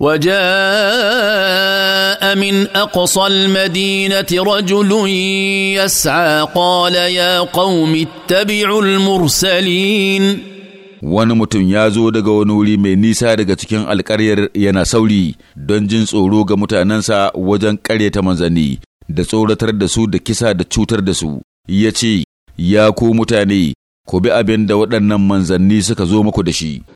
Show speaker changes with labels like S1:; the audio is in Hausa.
S1: وجاء من اقصى المدينه
S2: رجل يسعى قال يا قوم اتبعوا المرسلين wani mutum ya zo daga wani wuri mai nisa daga cikin alkaryar yana sauri don jin tsoro ga mutanensa wajen ƙaryata manzanni da tsoratar da su da kisa da cutar da su ya ce ya ku mutane ku bi abin
S3: da waɗannan manzanni suka zo muku da shi